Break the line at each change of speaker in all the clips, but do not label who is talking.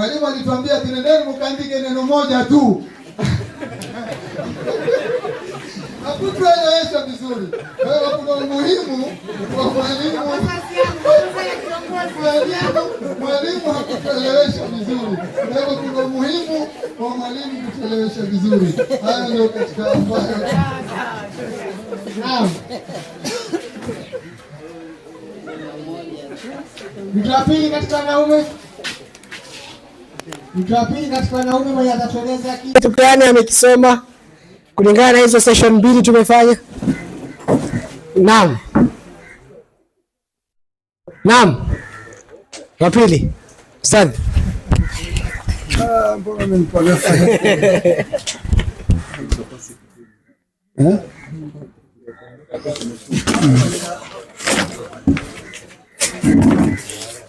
Mwalimu alituambia tunendeni mkaandike neno moja tu hakutuelewesha vizuri. Kwa hiyo kuna umuhimu wa mwalimu mwalimu hakutuelewesha vizuri. Kwa hiyo kuna umuhimu wa mwalimu kutuelewesha vizuri. Haya ndio katika ambayo naam pili katika naume Tutawapili katika wanaume wenye atatoleza kitu. Kitu gani amekisema kulingana na hizo session mbili tumefanya? Naam. Naam. Wa pili. Ustadhi. Ah, mbona mmenipaga sana.
Eh?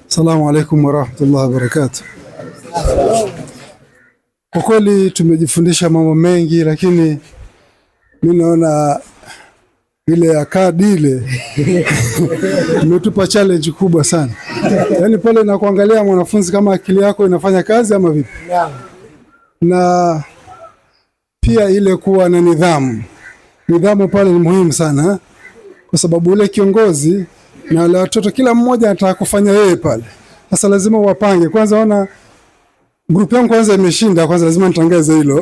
Assalamu alaykum wa rahmatullahi wa barakatuh. Kwa kweli tumejifundisha mambo mengi, lakini mi naona ile ya kadi ile imetupa challenge kubwa sana yaani, pale na kuangalia mwanafunzi kama akili yako inafanya kazi ama vipi, na pia ile kuwa na nidhamu. Nidhamu pale ni muhimu sana, kwa sababu ule kiongozi na wale watoto, kila mmoja anataka kufanya yeye pale. Sasa lazima wapange kwanza, ona Grupu yangu kwanza imeshinda, kwanza lazima nitangaze hilo.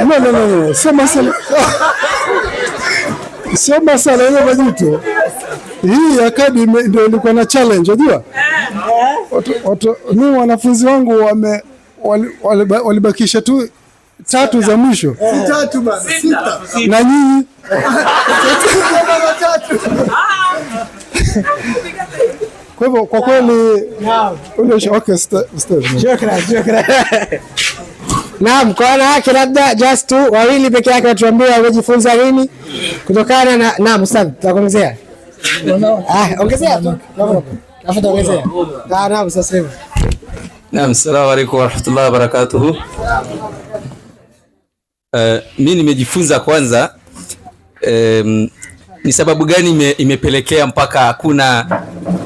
No, no, Sio masala, sio majuto. Hii akadi ndio ilikuwa na challenge, unajua mimi wanafunzi wangu wame walibakisha tu tatu za mwisho na nyinyi ah, kwa hivyo kwa kweli
Naam, kwa wanawake labda just tu wawili peke yake watuambie wamejifunza nini kutokana na naam, Ustadh, tutakuongezea. Ah, ongezea tu. Nafuta ongezea. Ah, naam, sasa hivi.
Naam, assalamu alaykum warahmatullahi wabarakatuh. Eh, mimi nimejifunza kwanza um, ni sababu gani ime, imepelekea mpaka hakuna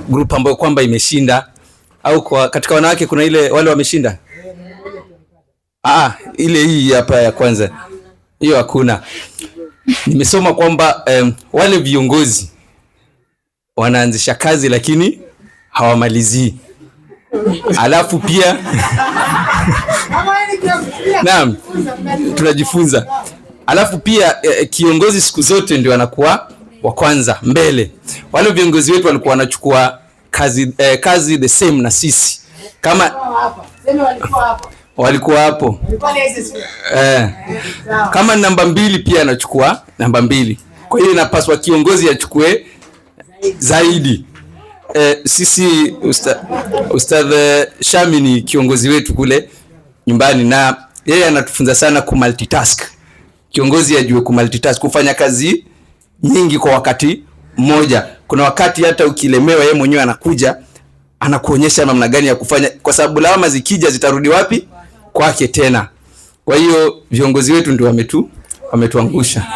grupu ambayo kwamba imeshinda au kwa, katika wanawake kuna ile wale wameshinda? Ah, ah ile hii hapa ya kwanza hiyo hakuna. Nimesoma kwamba um, wale viongozi wanaanzisha kazi lakini hawamalizii, alafu pia naam, tunajifunza alafu pia eh, kiongozi siku zote ndio anakuwa wa kwanza mbele. Wale viongozi wetu walikuwa wanachukua kazi, eh, kazi the same na sisi kama walikuwa hapo eh, kama namba mbili pia anachukua namba mbili. Kwa hiyo inapaswa kiongozi achukue zaidi eh, sisi usta, Ustadh Shami ni kiongozi wetu kule nyumbani, na yeye anatufunza sana kumultitask. Kiongozi ajue kumultitask, kufanya kazi nyingi kwa wakati mmoja. Kuna wakati hata ukilemewa, yeye mwenyewe anakuja anakuonyesha namna gani ya kufanya, kwa sababu lawama zikija zitarudi wapi? Kwake tena. Kwa hiyo viongozi wetu ndio wametu wametuangusha.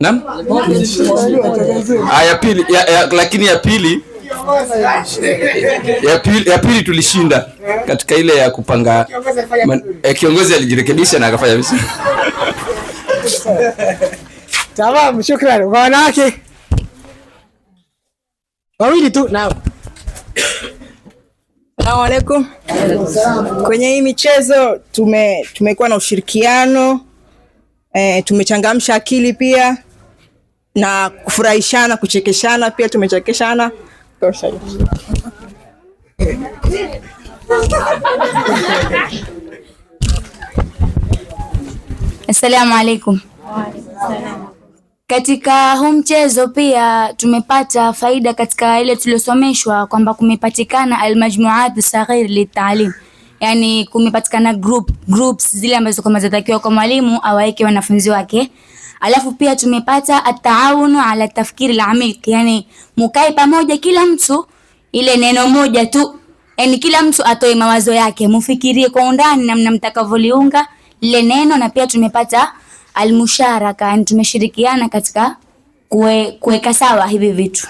Naam, ya pili, lakini ya pili ya pili, ya pili tulishinda katika ile ya kupanga eh, kiongozi alijirekebisha na akafanya vizuri.
Tamam, shukrani kwa wanawake wawili tu na
Assalamu alaikum. Kwenye hii michezo tume tumekuwa na ushirikiano e, tumechangamsha akili pia na kufurahishana, kuchekeshana pia tumechekeshana.
Assalamu alaikum. Katika huu mchezo pia tumepata faida katika ile tuliosomeshwa kwamba kumepatikana almajmuat saghir litalim, yani kumepatikana group, groups zile ambazo kwamba zatakiwa kwa mwalimu awaweke wanafunzi wake Alafu pia tumepata ataawunu ala tafkiri la amik, yani mukae pamoja, kila mtu ile neno moja tu, yani kila mtu atoe mawazo yake, mufikirie kwa undani namna mtakavyoliunga lile neno. Na pia tumepata almusharaka, yani tumeshirikiana katika kuweka sawa hivi vitu.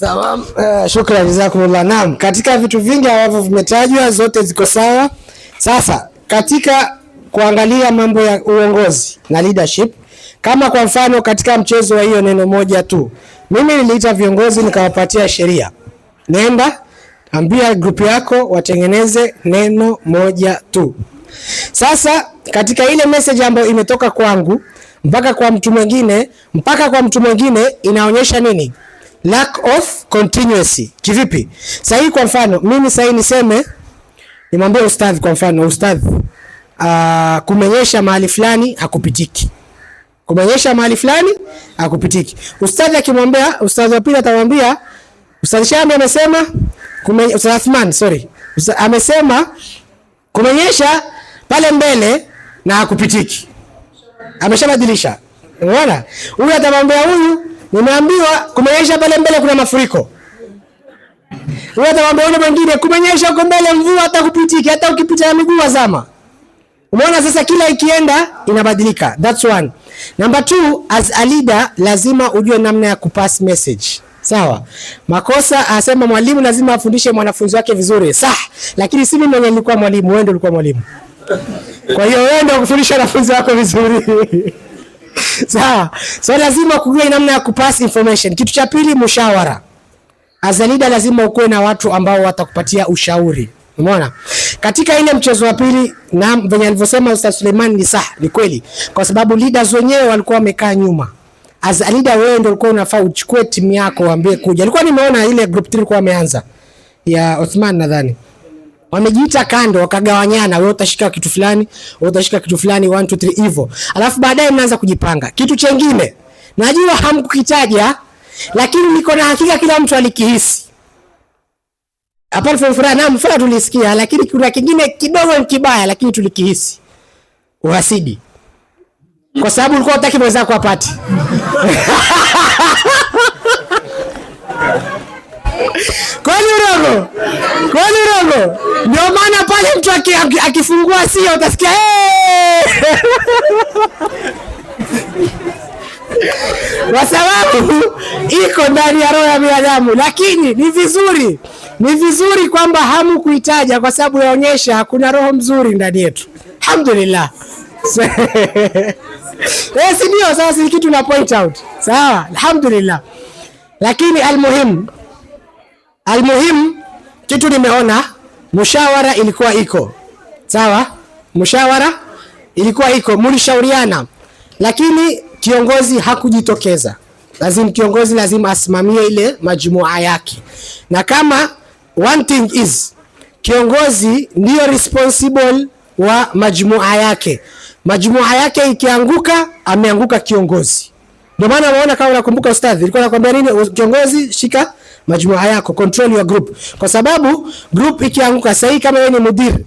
Tamam, uh, eh, shukrani jazakumullah. Naam, katika vitu vingi ambavyo vimetajwa zote ziko sawa. Sasa katika kuangalia mambo ya uongozi na leadership. Kama kwa mfano katika mchezo wa hiyo neno moja tu, mimi niliita viongozi nikawapatia sheria, nenda ambia grupu yako watengeneze neno moja tu. Sasa katika ile message ambayo imetoka kwangu mpaka kwa mtu mwingine mpaka kwa mtu mwingine inaonyesha nini? Lack of continuity. Kivipi? Sasa hii kwa mfano mimi sasa niseme nimwambie ustadhi, kwa mfano ustadhi, uh, kumenyesha mahali fulani hakupitiki kumenyesha mahali fulani hakupitiki. Ustadhi akimwambia ustadhi wa pili atamwambia ustadhi Shami amesema kume, ustadhi Athman sorry, ustadhi amesema kumenyesha pale mbele na hakupitiki, ameshabadilisha. Unaona, huyu atamwambia huyu, nimeambiwa kumenyesha pale mbele kuna mafuriko. Huyu atamwambia yule mwingine, kumenyesha huko mbele mvua, hata kupitiki, hata ukipita na miguu wazama. Umeona sasa, kila ikienda inabadilika. That's one. Number two, as a leader lazima ujue namna ya kupass message. Sawa. Makosa asema mwalimu lazima afundishe mwanafunzi wake vizuri. Sawa. Lakini si mimi nilikuwa mwalimu, wewe ndio ulikuwa mwalimu. Kwa hiyo wewe ndio kufundisha wanafunzi wako vizuri. Sawa. So lazima kujua namna ya kupass information. Kitu cha pili, mshawara. As a leader lazima ukuwe na watu ambao watakupatia ushauri. Umeona? Katika ile mchezo wa pili, na venye alivyosema Ustaz Suleiman ni sah, ni kweli, kwa sababu leaders wenyewe walikuwa wamekaa nyuma. As a leader, wewe ndio ulikuwa unafaa uchukue timu yako, waambie kuja. Alikuwa nimeona ile group 3 ilikuwa imeanza ya Osman nadhani wamejiita kando, wakagawanyana, wewe utashika kitu fulani, wewe utashika kitu fulani, 1 2 3 hivyo, alafu baadaye mnaanza kujipanga. Kitu chengine najua hamkukitaja, lakini niko na hakika kila mtu alikihisi apart from furaha, naam, furaha tulisikia, lakini kuna kingine kidogo kibaya, lakini tulikihisi, uhasidi, kwa sababu ulikuwa utaki mwenzako apate Kweli urongo? Kweli urongo? Ndio maana pale mtu akifungua sio utasikia hey! kwa sababu iko ndani ya roho ya binadamu. Lakini ni vizuri, ni vizuri kwamba hamu kuitaja, kwa sababu yaonyesha kuna roho mzuri ndani yetu. Alhamdulillah. Eh, si ndio? Sasa si kitu na point out, sawa. Alhamdulillah, lakini almuhim almuhim kitu nimeona mushawara ilikuwa iko sawa, mushawara ilikuwa iko, mulishauriana lakini kiongozi hakujitokeza, lazima kiongozi lazima asimamie ile majumua yake, na kama one thing is kiongozi ndio responsible wa majumua yake. Majumua yake ikianguka, ameanguka kiongozi. Ndio maana unaona, kama unakumbuka ustadhi, ilikuwa anakuambia nini? Kiongozi shika majumua yako, control your group, kwa sababu group ikianguka, sasa kama wewe ni mudiri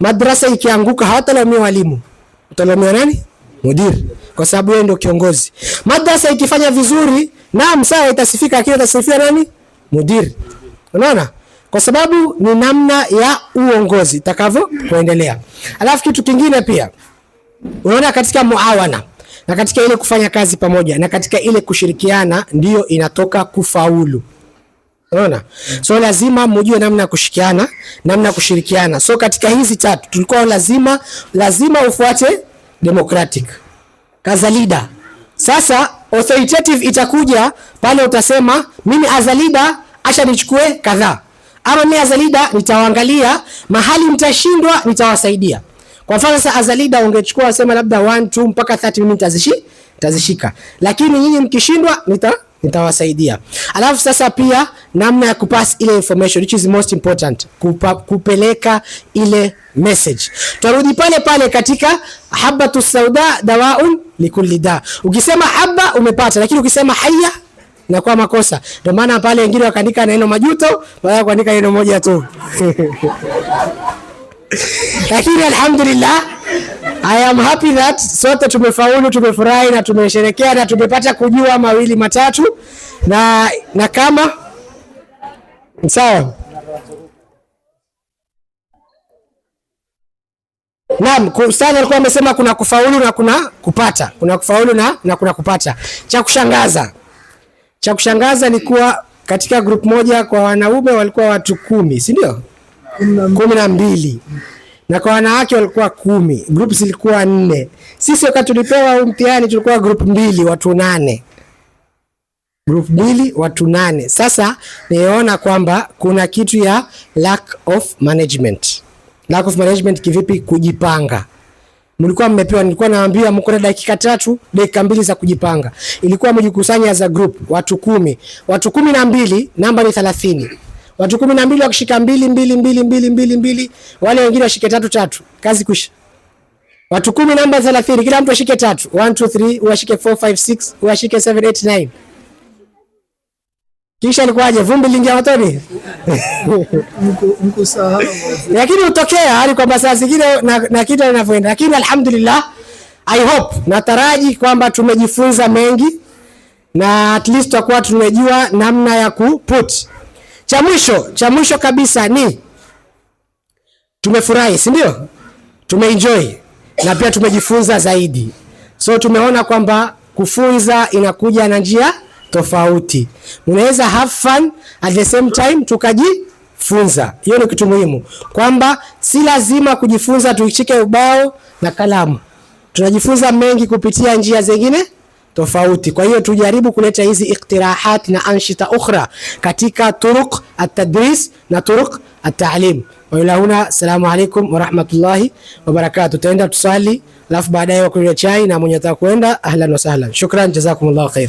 madrasa, ikianguka hawatalaumiwa walimu, utalaumiwa nani? Mudiri kwa sababu yeye ndio kiongozi. Madrasa ikifanya vizuri, naam, sawa, itasifika, lakini itasifia nani? Mudiri. Unaona? Kwa sababu ni namna ya uongozi takavyo kuendelea. Alafu kitu kingine pia unaona katika muawana na katika ile kufanya kazi pamoja na katika ile kushirikiana ndiyo inatoka kufaulu. Unaona? So lazima mjue namna ya kushikiana, namna ya kushirikiana. So katika hizi tatu tulikuwa lazima lazima ufuate democratic as a leader. Sasa authoritative itakuja pale utasema mimi as a leader acha nichukue kadhaa, ama mimi as a leader nitawaangalia mahali mtashindwa, nitawasaidia. Kwa mfano sasa, as a leader ungechukua sema labda 1 2 mpaka 30 mimi nitazishi nitazishika, lakini nyinyi mkishindwa nita nitawasaidia. Alafu sasa pia namna ya kupass ile information which is most important, kupa, kupeleka ile message. Twarudi pale pale katika habatu sauda dawaun likulli da. Ukisema haba umepata, lakini ukisema haya na kwa makosa. Ndio maana pale wengine wakaandika neno majuto, baada ya kuandika neno moja tu lakini alhamdulillah, I am happy that sote tumefaulu, tumefurahi na tumesherekea na tumepata kujua mawili matatu na, na kama sawa Naam, Ustadh alikuwa amesema kuna kufaulu na kuna kupata, kuna kufaulu na, na kuna kupata. Cha kushangaza cha kushangaza ni kuwa katika group moja kwa wanaume walikuwa watu kumi, si ndio? kumi na mbili na kwa wanawake walikuwa kumi, group zilikuwa nne. Sisi wakati tulipewa mtihani tulikuwa group mbili, watu nane, group mbili, watu nane. Sasa niona kwamba kuna kitu ya lack of management Lacos Management kivipi kujipanga. Mlikuwa mmepewa, nilikuwa naambia mko na dakika tatu, dakika mbili za kujipanga. Ilikuwa mjikusanya as a group watu kumi, watu kumi na mbili, namba ni 30. Watu kumi na mbili wakishika mbili mbili mbili mbili mbili mbili, wale wengine washike tatu tatu, kazi kwisha. Watu kumi namba 30, kila mtu ashike tatu. 1 2 3, uashike 4 5 6, uashike 7 8 9. Kisha alikuwaje? Vumbi lingia motoni lakini utokea hali kwamba saa zingine na, na kitu linavyoenda, lakini alhamdulillah, I hope nataraji kwamba tumejifunza mengi na at least tutakuwa tumejua namna ya kuput. Cha mwisho cha mwisho kabisa ni tumefurahi, si ndio? Tumeenjoy na pia tumejifunza zaidi, so tumeona kwamba kufunza inakuja na njia tofauti. Mnaweza have fun at the same time tukaji funza Hiyo ni kitu muhimu, kwamba si lazima kujifunza tushike ubao na kalamu. Tunajifunza mengi kupitia njia zingine tofauti. Kwa hiyo tujaribu kuleta hizi iktirahat na anshita ukhra katika turuq at-tadris na turuq at-ta'lim. Wa ila huna, assalamu alaykum wa rahmatullahi wa barakatuh. Tutaenda tusali, alafu baadaye wakunywa chai na mwenye atakwenda, ahlan wa sahlan. Shukran, jazakumullahu khair.